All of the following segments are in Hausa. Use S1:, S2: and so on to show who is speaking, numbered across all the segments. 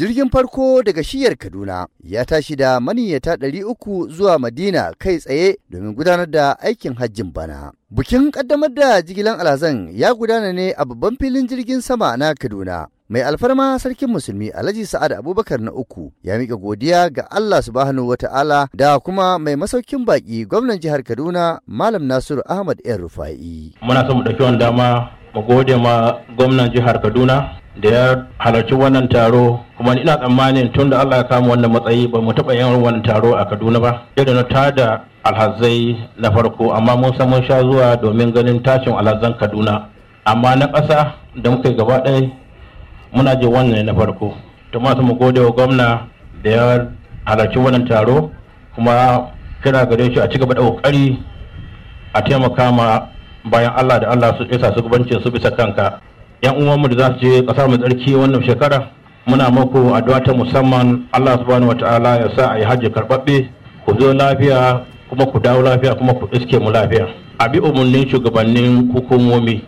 S1: Jirgin farko daga shiyar Kaduna ya tashi da maniyyata ɗari uku zuwa Madina kai tsaye domin gudanar da aikin hajjin bana. Bukin ƙaddamar da jigilan alhazan ya gudana ne a babban filin jirgin sama na Kaduna. mai alfarma sarkin musulmi alhaji sa'ad abubakar na uku ya miƙa godiya ga allah subhanahu wa ta'ala da kuma mai masaukin baƙi gwamnan jihar kaduna malam nasiru ahmad yan rufa'i
S2: muna son mu ɗauki wani dama mu gode ma gwamnan jihar kaduna da ya halarci wannan taro kuma ina tsammanin tun da Allah ya kama wannan matsayi ba mu taɓa yin wannan taro a Kaduna ba irin na da alhazai na farko amma mun san mun sha zuwa domin ganin tashin alhazan Kaduna amma na ƙasa da muka yi gaba ɗaya muna je wannan na farko to ma mu gode wa gwamna da ya halarci wannan taro kuma kira gare shi a ci gaba da ƙoƙari a taimaka ma bayan Allah da Allah su isa su su bisa kanka yan uwanmu da za su je kasar mai tsarki wannan shekara muna muku addu'a ta musamman Allah subhanahu wataala ya sa ayi yi hajji karɓaɓɓe ku zo lafiya kuma ku dawo lafiya kuma ku iske mu lafiya a bi umarnin shugabannin hukumomi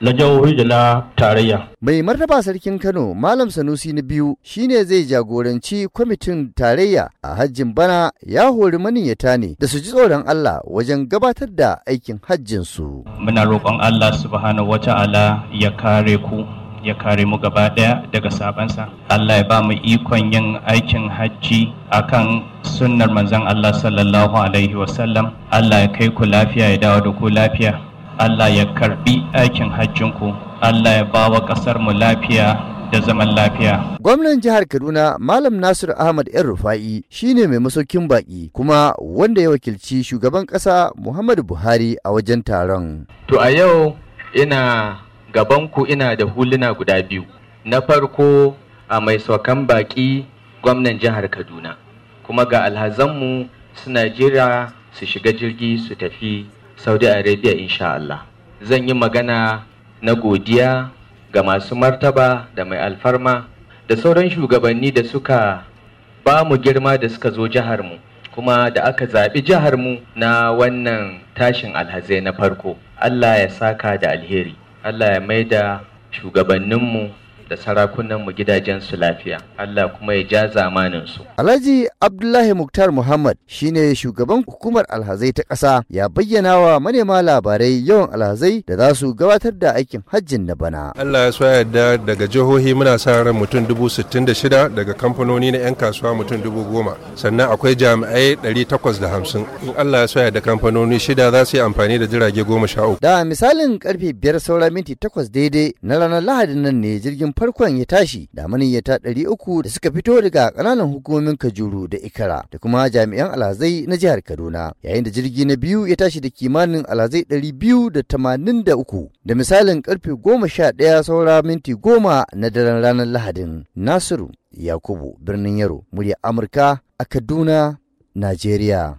S2: na jihohi da na tarayya.
S1: Mai martaba sarkin Kano Malam Sanusi na biyu shine zai jagoranci kwamitin tarayya a hajjin bana ya hori maniyyata ne da su ji tsoron Allah wajen gabatar da aikin Hajjinsu. su.
S3: Muna roƙon Allah subhanahu wata'ala ya kare ku ya kare mu gaba ɗaya daga sabansa. Allah ya ba mu ikon yin aikin hajji akan sunnar manzon Allah sallallahu alaihi wasallam. Allah ya kai ku lafiya ya dawo da ku lafiya. Allah ya karbi aikin hajjinku Allah ya bawa ƙasar mu lafiya da zaman lafiya.
S1: Gwamnan jihar Kaduna Malam Nasir Ahmad ‘yan Rufa'i shine mai masaukin baƙi, kuma wanda ya wakilci shugaban ƙasa Muhammadu Buhari a wajen taron.
S4: To a yau ina gabanku ina da huluna guda biyu. Na farko a mai saukan baƙi gwamnan jihar Kaduna kuma ga alhazanmu suna jira su shiga jirgi su tafi saudi arabia insha Allah zan yi magana na godiya ga masu martaba da mai alfarma da sauran shugabanni da suka ba mu girma da suka zo jiharmu kuma da aka zaɓi jiharmu na wannan tashin alhazai na farko Allah ya saka da alheri Allah ya maida shugabanninmu da sarakunanmu su lafiya Allah kuma ya ja zamaninsu.
S1: Alhaji Abdullahi Muktar Muhammad shine shugaban hukumar alhazai ta ƙasa ya bayyana wa manema labarai yawan alhazai da za su gabatar da aikin hajjin na bana.
S2: Allah ya soya yarda daga jihohi muna sa ran mutum dubu sittin da shida daga kamfanoni na 'yan kasuwa mutum dubu goma sannan akwai jami'ai ɗari takwas da hamsin in Allah ya soya da kamfanoni shida za su yi amfani da jirage goma sha
S1: Da misalin karfe biyar saura minti takwas daidai na ranar Lahadi nan ne jirgin farkon ya tashi da maniyyata ɗari uku da suka fito daga ƙananan hukumomin Kajuru da Ikara da kuma jami'an alhazai na jihar Kaduna yayin da jirgi na biyu ya tashi da kimanin alhazai ɗari biyu da tamanin da uku da misalin ƙarfe goma sha ɗaya saura minti goma na daren ranar Lahadin Nasiru Yakubu birnin Yaro murya Amurka a Kaduna Najeriya.